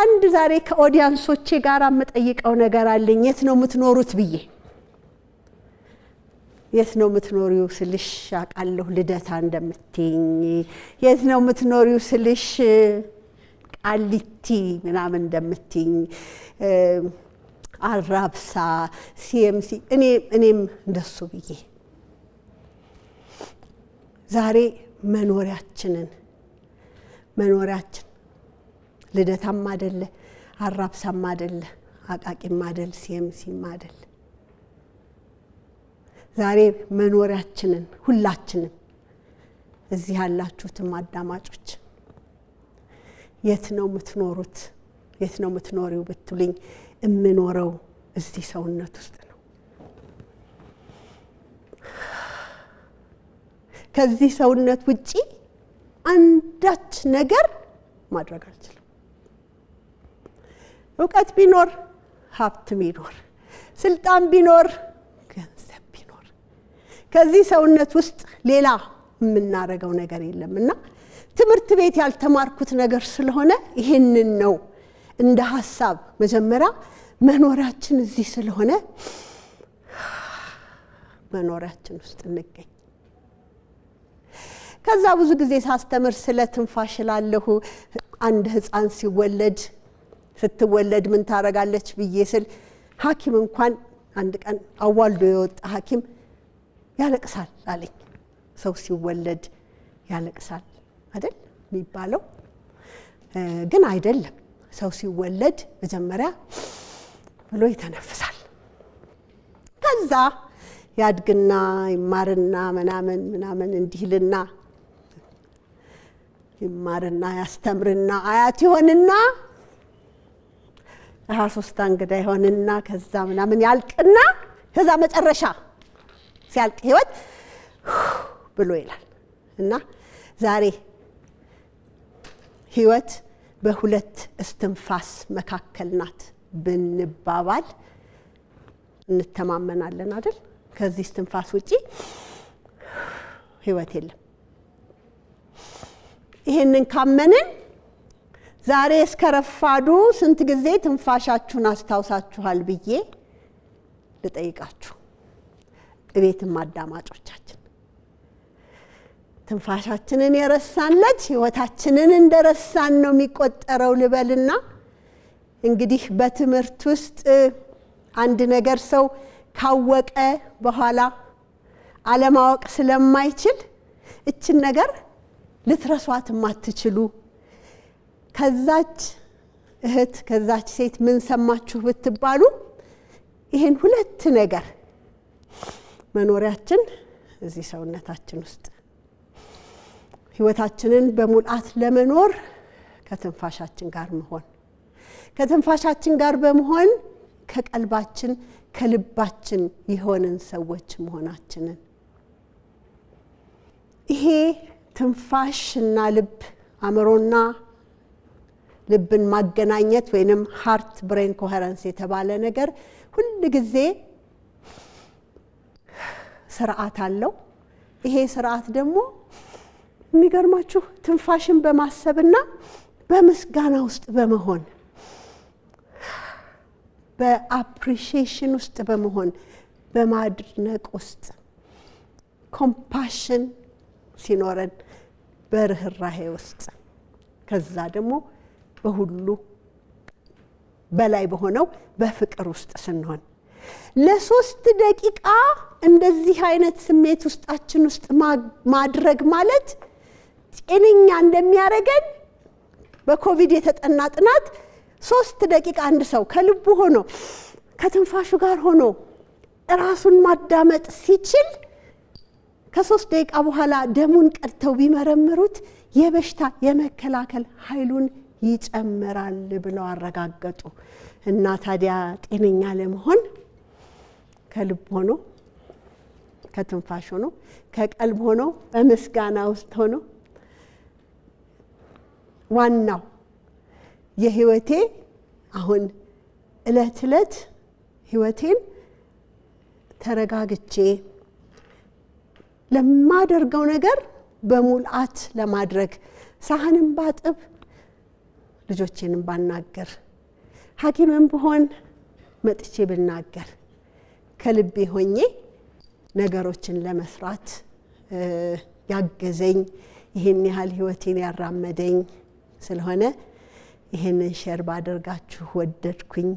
አንድ ዛሬ ከኦዲያንሶቼ ጋር የምጠይቀው ነገር አለኝ። የት ነው የምትኖሩት ብዬ የት ነው የምትኖሪው ስልሽ አውቃለሁ ልደታ እንደምትኝ፣ የት ነው የምትኖሪው ስልሽ ቃሊቲ ምናምን እንደምትኝ፣ አራብሳ፣ ሲኤምሲ እኔም እንደሱ ብዬ ዛሬ መኖሪያችንን መኖሪያችን ልደታም አደለ፣ አራብሳም አደለ፣ አቃቂም አደል፣ ሲኤምሲም አደለ። ዛሬ መኖሪያችንን ሁላችንም እዚህ ያላችሁትም አዳማጮች የት ነው የምትኖሩት? የት ነው የምትኖሪው ብትሉኝ የምኖረው እዚህ ሰውነት ውስጥ ነው። ከዚህ ሰውነት ውጪ አንዳች ነገር ማድረግ አልችልም። እውቀት ቢኖር ሀብት ቢኖር ስልጣን ቢኖር ገንዘብ ቢኖር ከዚህ ሰውነት ውስጥ ሌላ የምናደርገው ነገር የለም እና ትምህርት ቤት ያልተማርኩት ነገር ስለሆነ ይህንን ነው እንደ ሀሳብ መጀመሪያ መኖሪያችን እዚህ ስለሆነ መኖሪያችን ውስጥ እንገኝ። ከዛ ብዙ ጊዜ ሳስተምር ስለ ትንፋሽ እላለሁ። አንድ ህፃን ሲወለድ ስትወለድ ምን ታረጋለች ብዬ ስል ሐኪም እንኳን አንድ ቀን አዋልዶ የወጣ ሐኪም ያለቅሳል አለኝ። ሰው ሲወለድ ያለቅሳል አይደል የሚባለው? ግን አይደለም። ሰው ሲወለድ መጀመሪያ ብሎ ይተነፍሳል። ከዛ ያድግና ይማርና ምናምን ምናምን እንዲህልና ይማርና ያስተምርና አያት ይሆንና ሀያ ሶስት እንግዳ ይሆንና ከዛ ምናምን ያልቅና ከዛ መጨረሻ ሲያልቅ ህይወት ብሎ ይላል እና ዛሬ ህይወት በሁለት እስትንፋስ መካከል ናት ብንባባል እንተማመናለን አይደል? ከዚህ እስትንፋስ ውጪ ህይወት የለም። ይህንን ካመንን ዛሬ እስከ ረፋዱ ስንት ጊዜ ትንፋሻችሁን አስታውሳችኋል ብዬ ልጠይቃችሁ። እቤትም አዳማጮቻችን ትንፋሻችንን የረሳንለት ህይወታችንን እንደረሳን ነው የሚቆጠረው ልበልና እንግዲህ በትምህርት ውስጥ አንድ ነገር ሰው ካወቀ በኋላ አለማወቅ ስለማይችል እችን ነገር ልትረሷት የማትችሉ ከዛች እህት ከዛች ሴት ምን ሰማችሁ ብትባሉ ይህን ሁለት ነገር መኖሪያችን እዚህ ሰውነታችን ውስጥ ህይወታችንን በሙላት ለመኖር ከትንፋሻችን ጋር መሆን ከትንፋሻችን ጋር በመሆን ከቀልባችን ከልባችን የሆንን ሰዎች መሆናችንን ይሄ ትንፋሽና ልብ አእምሮና ልብን ማገናኘት ወይንም ሃርት ብሬን ኮሄረንስ የተባለ ነገር ሁል ጊዜ ስርዓት አለው። ይሄ ስርዓት ደግሞ የሚገርማችሁ ትንፋሽን በማሰብና በምስጋና ውስጥ በመሆን በአፕሪሺዬሽን ውስጥ በመሆን በማድነቅ ውስጥ ኮምፓሽን ሲኖረን በርህራሄ ውስጥ ከዛ ደግሞ በሁሉ በላይ በሆነው በፍቅር ውስጥ ስንሆን ለሶስት ደቂቃ እንደዚህ አይነት ስሜት ውስጣችን ውስጥ ማድረግ ማለት ጤነኛ እንደሚያደርገን በኮቪድ የተጠና ጥናት ሶስት ደቂቃ አንድ ሰው ከልቡ ሆኖ ከትንፋሹ ጋር ሆኖ ራሱን ማዳመጥ ሲችል ከሶስት ደቂቃ በኋላ ደሙን ቀድተው ቢመረምሩት የበሽታ የመከላከል ኃይሉን ይጨምራል ብለው አረጋገጡ። እና ታዲያ ጤነኛ ለመሆን ከልብ ሆኖ ከትንፋሽ ሆኖ ከቀልብ ሆኖ በምስጋና ውስጥ ሆኖ ዋናው የህይወቴ አሁን እለት እለት ህይወቴን ተረጋግቼ ለማደርገው ነገር በሙልአት ለማድረግ ሳህንም ባጥብ ልጆቼንም ባናገር ሐኪምም ብሆን መጥቼ ብናገር ከልቤ ሆኜ ነገሮችን ለመስራት ያገዘኝ ይህን ያህል ህይወቴን ያራመደኝ ስለሆነ ይህንን ሸር ባደርጋችሁ ወደድኩኝ።